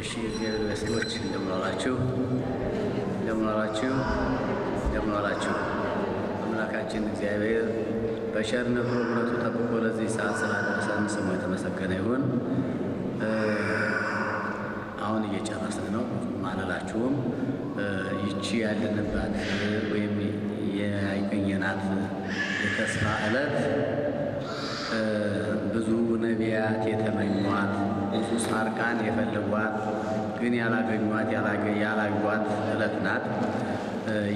እሺ እግዚአብሔር ይመስገን። እንደምን ዋላችሁ? እንደምን አምላካችን እግዚአብሔር በቸርነቱ ምሕረቱ ጠብቆ ለዚህ ሰዓት ስላደረሰን ስሙ የተመሰገነ ይሁን። አሁን እየጨረስን ነው። ማለላችሁም ይቺ ያለንባት ወይም የአይገኘናት የተስፋ ዕለት ብዙ ነቢያት የተመኟት ቅዱስ ማርቃን የፈልጓት ግን ያላገኟት ያላዩዋት እለት ናት።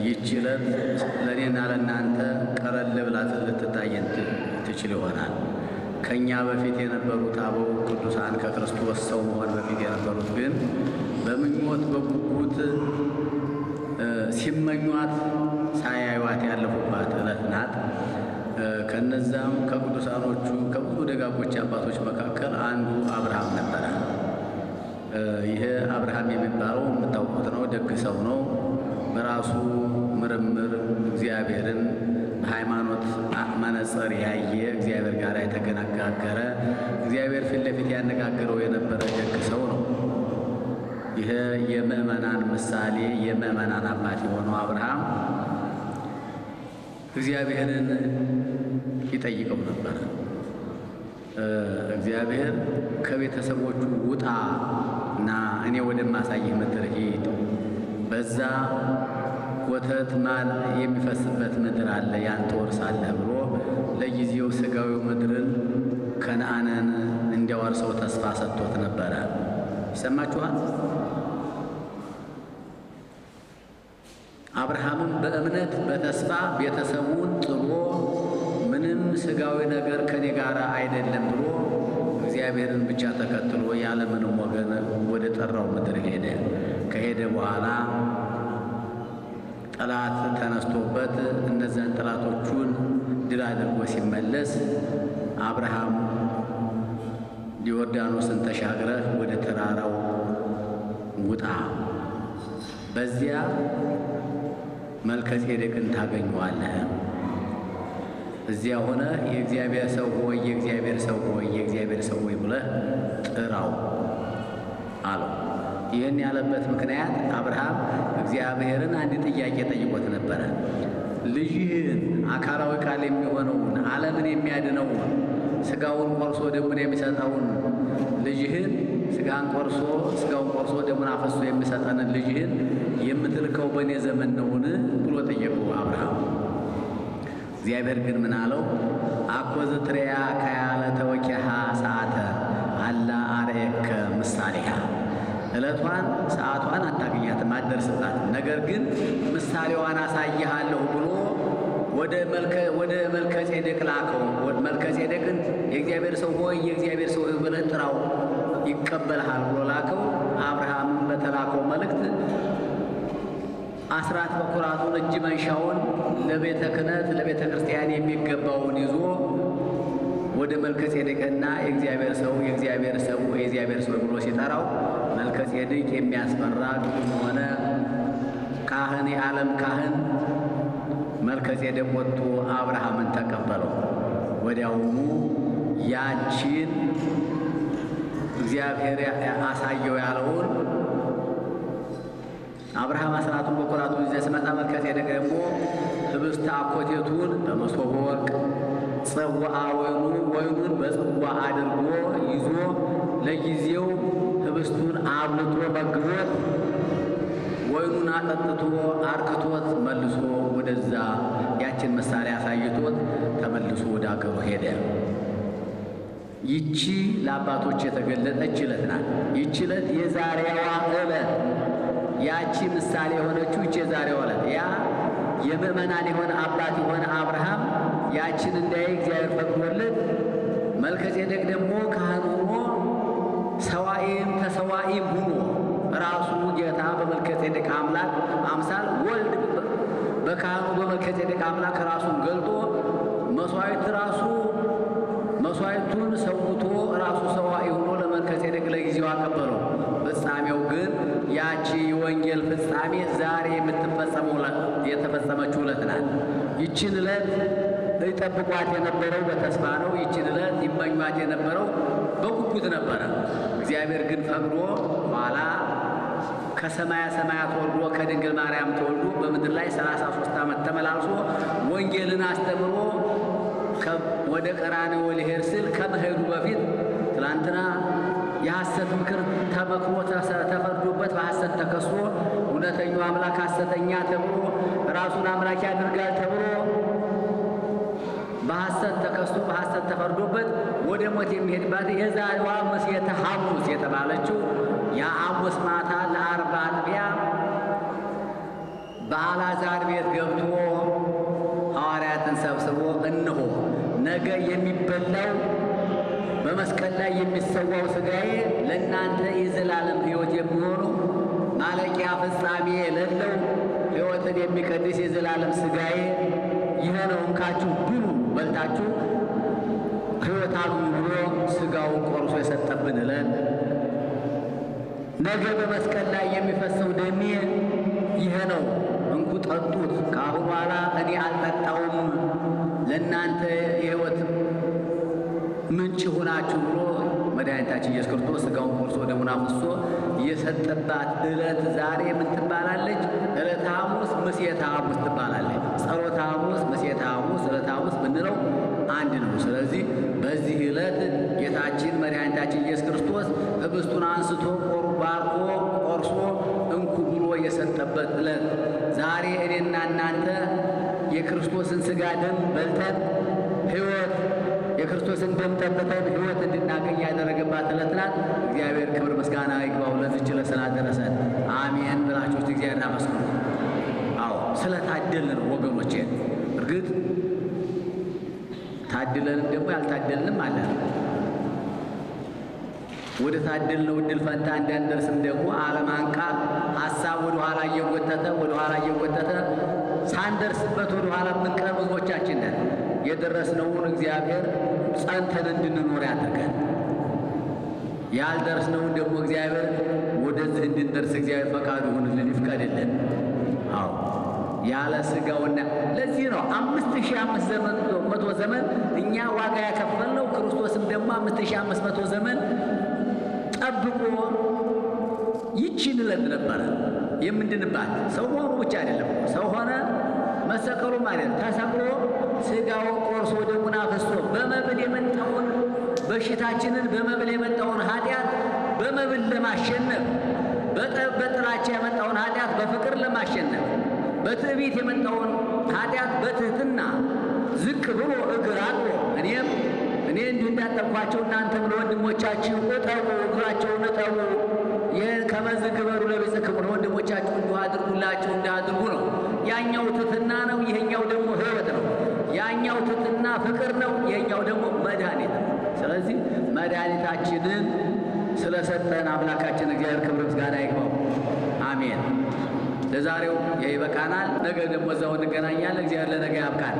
ይች እለት ለእኔና ለእናንተ ቀረል ብላት ልትታየን ትችል ይሆናል። ከእኛ በፊት የነበሩት አበው ቅዱሳን ከክርስቶስ ሰው መሆን በፊት የነበሩት ግን በምኞት በጉጉት ሲመኟት ሳያዩዋት ያለፉባት እለት ናት። ከነዛም ከቅዱሳኖቹ ከብዙ ደጋጎች አባቶች መካከል አንዱ አብርሃም ነበረ። ይሄ አብርሃም የሚባለው የምታውቁት ነው። ደግ ሰው ነው። በራሱ ምርምር እግዚአብሔርን ሃይማኖት መነጽር ያየ እግዚአብሔር ጋር የተነጋገረ እግዚአብሔር ፊት ለፊት ያነጋገረው የነበረ ደግ ሰው ነው። ይህ የምእመናን ምሳሌ የምእመናን አባት የሆነው አብርሃም እግዚአብሔርን ይጠይቀው ነበረ። እግዚአብሔር ከቤተሰቦቹ ውጣ እና እኔ ወደማሳይህ ምድር ሂድ፣ በዛ ወተት ማር የሚፈስበት ምድር አለ፣ ያን ትወርሳለህ ብሎ ለጊዜው ስጋዊ ምድርን ከነአንን እንዲያወርሰው ተስፋ ሰጥቶት ነበረ። ይሰማችኋል? አብርሃምም በእምነት በተስፋ ቤተሰቡን ጥሎ ስጋዊ ነገር ከኔ ጋር አይደለም ብሎ እግዚአብሔርን ብቻ ተከትሎ ያለምንም ወገን ወደ ጠራው ምድር ሄደ። ከሄደ በኋላ ጠላት ተነስቶበት እነዚያን ጠላቶቹን ድል አድርጎ ሲመለስ አብርሃም ዮርዳኖስን ተሻግረህ ወደ ተራራው ውጣ፣ በዚያ መልከ ጼዴቅን ታገኘዋለህ እዚያ ሆነ የእግዚአብሔር ሰው ሆይ የእግዚአብሔር ሰው ሆይ የእግዚአብሔር ሰው ሆይ ብለ ጥራው አለው። ይህን ያለበት ምክንያት አብርሃም እግዚአብሔርን አንድ ጥያቄ ጠይቆት ነበረ። ልጅህን አካላዊ ቃል የሚሆነውን ዓለምን የሚያድነውን ስጋውን ቆርሶ ደሙን የሚሰጠውን ልጅህን ስጋን ቆርሶ ስጋውን ቆርሶ ደሙን አፈሶ የሚሰጠንን ልጅህን የምትልከው በእኔ ዘመን ነውን ብሎ ጠየቁ አብርሃም እግዚአብሔር ግን ምን አለው? አኮዝ ከያለ ተወኪሃ ሰዓተ አላ አርኤከ ምሳሌሃ ዕለቷን ሰዓቷን አታገኛትም፣ አትደርስባትም። ነገር ግን ምሳሌዋን አሳይሃለሁ ብሎ ወደ መልከ ጼዴቅ ላከው። መልከ ጼዴቅን የእግዚአብሔር ሰው ሆይ የእግዚአብሔር ሰው ብለህ ጥራው ይቀበልሃል ብሎ ላከው። አብርሃምን በተላከው መልእክት አስራት በኩራቱን እጅ መንሻውን ለቤተ ክህነት ለቤተ ክርስቲያን የሚገባውን ይዞ ወደ መልከ ጼዴቅና የእግዚአብሔር ሰው የእግዚአብሔር ሰው የእግዚአብሔር ሰው ብሎ ሲጠራው መልከ ጼዴቅ የሚያስፈራ ግዙም ሆነ ካህን የዓለም ካህን መልከ ጼዴቅ ወጥቶ አብርሃምን ተቀበለው። ወዲያውኑ ያቺን እግዚአብሔር አሳየው ያለውን አብርሃም አስራቱን በኩራቱን ይዘ ሲመጣ መልከጼዴቅ ደግሞ ህብስት አኮቴቱን በመሶበ ወርቅ ጽዋ ወይኑ ወይኑን በጽዋ አድርጎ ይዞ ለጊዜው ህብስቱን አብልቶ መግቦት ወይኑን አጠጥቶ አርክቶት መልሶ ወደዛ ያችን መሳሪያ አሳይቶት ተመልሶ ወደ አገሩ ሄደ። ይቺ ለአባቶች የተገለጠች ዕለት ናት። ይቺ ዕለት የዛሬዋ ዕለት ያቺ ምሳሌ የሆነችው እቼ ዛሬ ዕለት ያ የምእመናን የሆነ አባት የሆነ አብርሃም ያችን እንዳይ እግዚአብሔር ፈቅዶለት መልከ ደግሞ ካህን ሆኖ ሰዋኢም ተሰዋኢም ሁኖ ራሱ ጌታ በመልከ አምላክ አምሳል ወልድ በካህኑ በመልከ አምላክ ራሱን ገልጦ መስዋዕት ራሱ መሥዋዕቱን ሰውቶ ራሱ ሰዋዒ ሆኖ ለመልከጼዴቅ ለጊዜው አቀበለው። ፍጻሜው ግን ያቺ የወንጌል ፍጻሜ ዛሬ የምትፈጸመው የተፈጸመችው ዕለት ናት። ይችን ዕለት ይጠብቋት የነበረው በተስፋ ነው። ይችን ዕለት ይመኟት የነበረው በጉጉት ነበረ። እግዚአብሔር ግን ፈቅዶ ኋላ ከሰማያ ሰማያት ወርዶ ከድንግል ማርያም ተወልዶ በምድር ላይ ሰላሳ ዓመት ተመላልሶ ወንጌልን አስተምሮ ወደ ቀራንዮ ልሄድ ስል ከመሄዱ በፊት ትላንትና የሐሰት ምክር ተመክሮ ተፈርዶበት በሐሰት ተከስሮ እውነተኛው አምላክ ሐሰተኛ ተብሎ ራሱን አምላክ ያድርጋል ተብሎ በሐሰት ተከስቶ በሐሰት ተፈርዶበት ወደ ሞት የሚሄድባት የዛሬዋ መስየተ ሐሙስ የተባለችው የሐሙስ ማታ ለአርባ አጥቢያ በአልዓዛር ቤት ገብቶ ሐዋርያትን ሰብስቦ እንሆ ነገ የሚበላው በመስቀል ላይ የሚሰዋው ስጋዬ ለእናንተ የዘላለም ሕይወት የሚሆኑ ማለቂያ ፍጻሜ የሌለው ሕይወትን የሚቀድስ የዘላለም ስጋዬ ይህ ነው፣ እንካችሁ ብሉ፣ በልታችሁ ሕይወታሉ ብሎ ስጋውን ቆርሶ የሰጠብን እለን ነገ በመስቀል ላይ የሚፈሰው ደሜ ይህ ነው፣ እንኩ ጠጡት፣ ከአሁን በኋላ እኔ አልጠጣውም ለእናንተ የህይወት ምንጭ ሆናችሁ ብሎ መድኃኒታችን ኢየሱስ ክርስቶስ ስጋውን ቆርሶ ደሙን አፍስሶ የሰጠባት ዕለት ዛሬ ምን ትባላለች? ዕለተ ሐሙስ ምሴተ ሐሙስ ትባላለች። ጸሎተ ሐሙስ፣ ምሴተ ሐሙስ፣ ዕለተ ሐሙስ ምንለው አንድ ነው። ስለዚህ በዚህ ዕለት ጌታችን መድኃኒታችን ኢየሱስ ክርስቶስ ኅብስቱን አንስቶ ባርኮ ቆርሶ እንኩ ብሎ የሰጠበት ዕለት ዛሬ እኔና እናንተ የክርስቶስን ስጋ ደም በልተን ህይወት የክርስቶስን ደም ጠብተን ህይወት እንድናገኝ ያደረገባት ዕለት ናት። እግዚአብሔር ክብር ምስጋና ይግባው ለዚች ስላደረሰን አሜን ብላችሁ እግዚአብሔር እናመስግኑ። አዎ ስለታደልን ወገኖቼ፣ እርግጥ ታድለንም ደግሞ ያልታደልንም አለን። ወደ ታደልነው እድል ፈንታ እንዳንደርስም ደግሞ ዓለም አንቃ ሀሳብ ወደ ኋላ እየጎተተ ወደ ኋላ እየጎተተ ሳንደርስበት ወደ ኋላ የምንቀር ህዝቦቻችን ነን። የደረስነውን እግዚአብሔር ጸንተን እንድንኖር ያድርገን። ያልደረስነውን ደግሞ እግዚአብሔር ወደዚህ እንድንደርስ እግዚአብሔር ፈቃዱ ይሁንልን፣ ይፍቀድልን። አዎ ያለ ስጋውና ለዚህ ነው አምስት ሺህ አምስት መቶ ዘመን እኛ ዋጋ ያከፈልነው ክርስቶስም ደግሞ አምስት ሺህ አምስት መቶ ዘመን ጠብቆ ይችንለት እለት ነበረ። የምንድንባት ሰው መሆኑ ብቻ አይደለም። ሰው ሆነ መሰቀሉ ማለት ተሰቅሎ ስጋውን ቆርሶ ደሙን አፍስሶ በመብል የመጣውን በሽታችንን በመብል የመጣውን ኃጢአት በመብል ለማሸነፍ በጥላቻ የመጣውን ኃጢአት በፍቅር ለማሸነፍ በትዕቢት የመጣውን ኃጢአት በትህትና ዝቅ ብሎ እግር አቅሎ እኔም እኔ እንዲሁ እንዳጠብኳቸው እናንተም ለወንድሞቻችሁ እጠቡ፣ እግራቸውን እጠቡ ከመዝ ክበሩ ለቤተክሙ ወንድሞቻችሁ እንዲሁ አድርጉላቸው እንዳድርጉ ነው። ያኛው ትትና ነው፣ ይሄኛው ደግሞ ህይወት ነው። ያኛው ትትና ፍቅር ነው፣ ይሄኛው ደግሞ መድኃኒት ነው። ስለዚህ መድኃኒታችንን ስለሰጠን አምላካችን እግዚአብሔር ክብር ምስጋና ይግባው። አሜን። ለዛሬው ይበቃናል። ነገ ደግሞ እዛው እንገናኛለን። እግዚአብሔር ለነገ ያብቃል።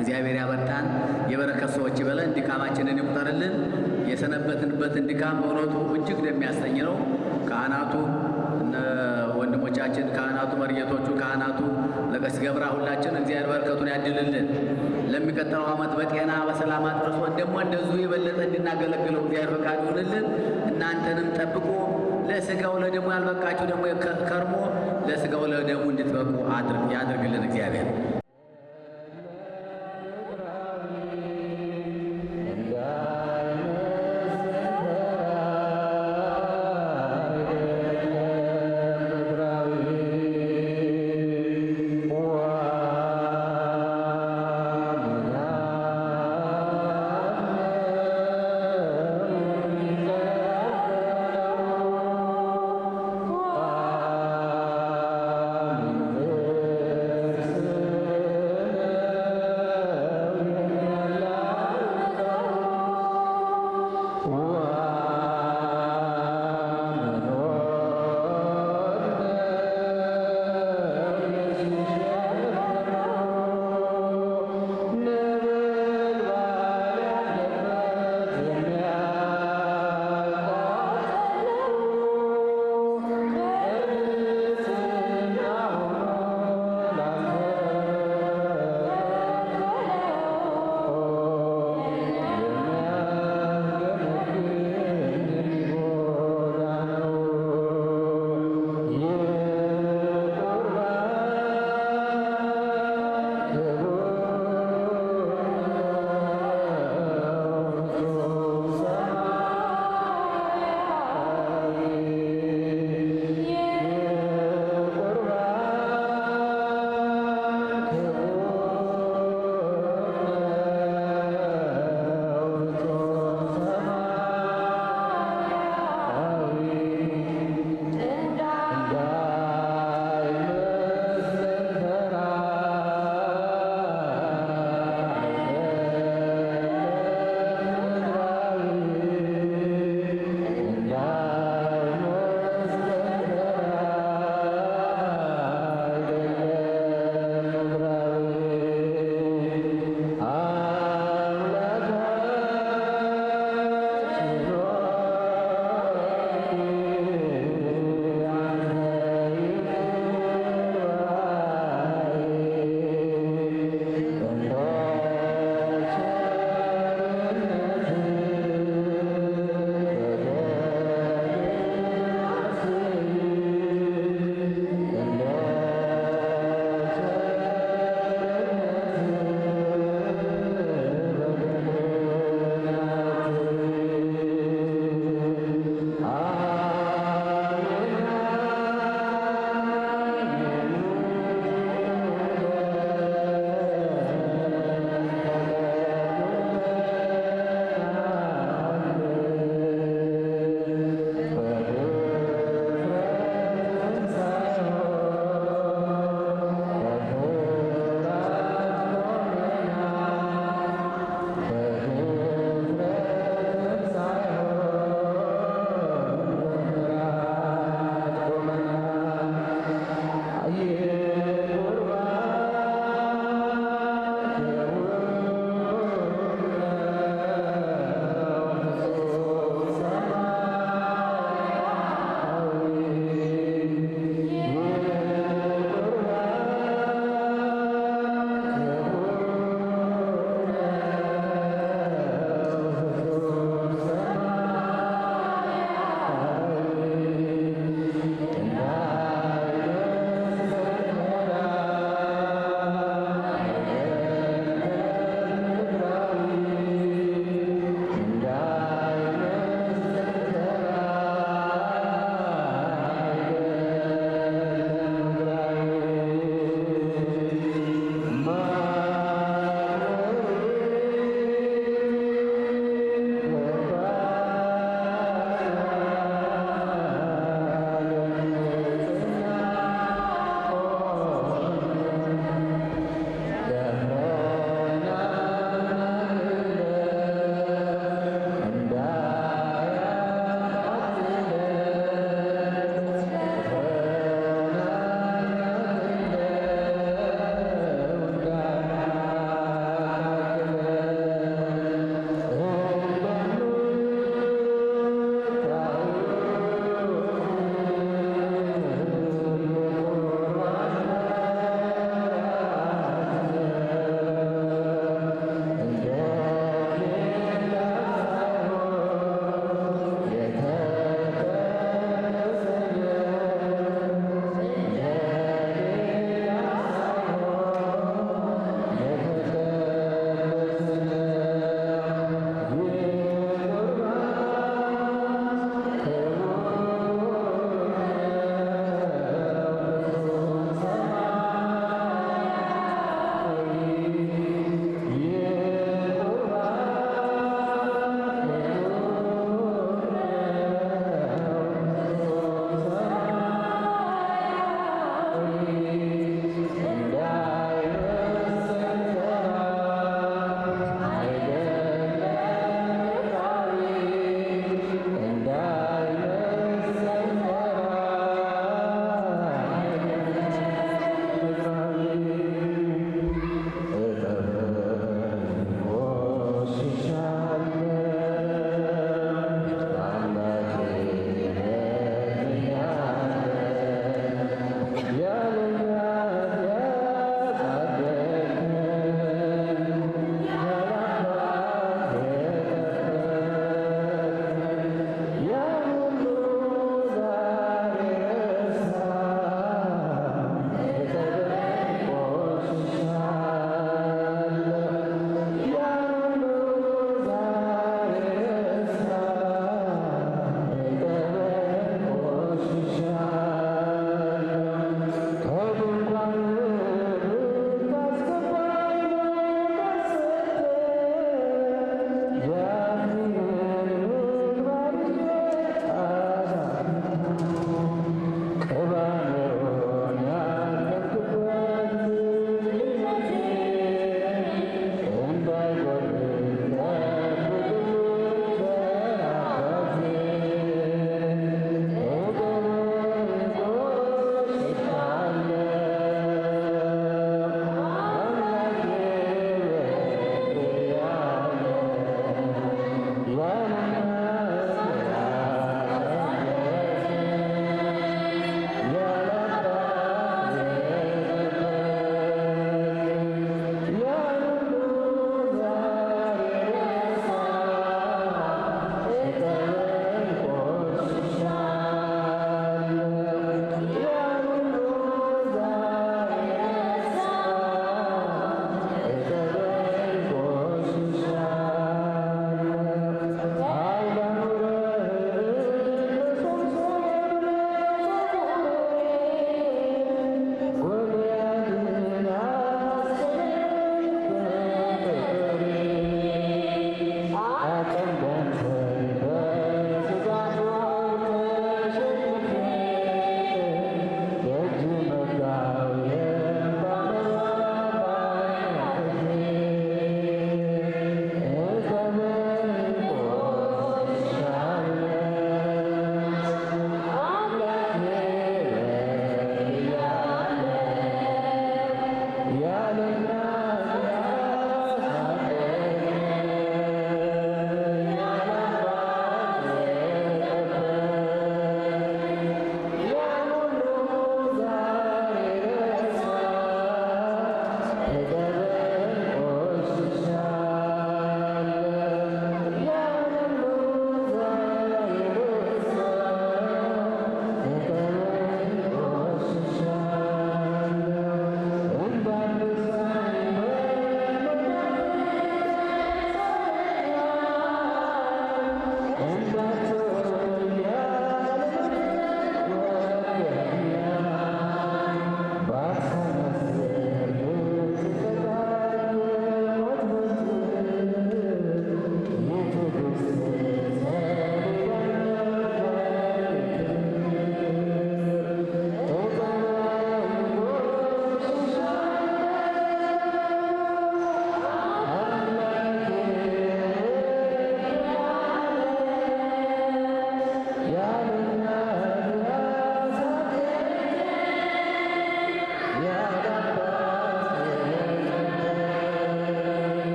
እግዚአብሔር ያበርታን። የበረከት ሰዎች ይበለን። ድካማችንን ይቁጠርልን። የሰነበትንበትን ድካም በእውነቱ እጅግ ደሚያሰኝ ነው። ካህናቱ ወንድሞቻችን፣ ካህናቱ፣ መርየቶቹ ካህናቱ ለቀስ ገብራ ሁላችን እግዚአብሔር በረከቱን ያድልልን። ለሚቀጥለው ዓመት በጤና በሰላም አድርሶን ደግሞ እንደዙ የበለጠ እንድናገለግለው እግዚአብሔር ፈቃድ ይሆንልን። እናንተንም ጠብቆ ለስጋው ለደሙ ያልበቃችሁ ደግሞ ከርሞ ለስጋው ለደሙ እንድትበቁ ያድርግልን እግዚአብሔር።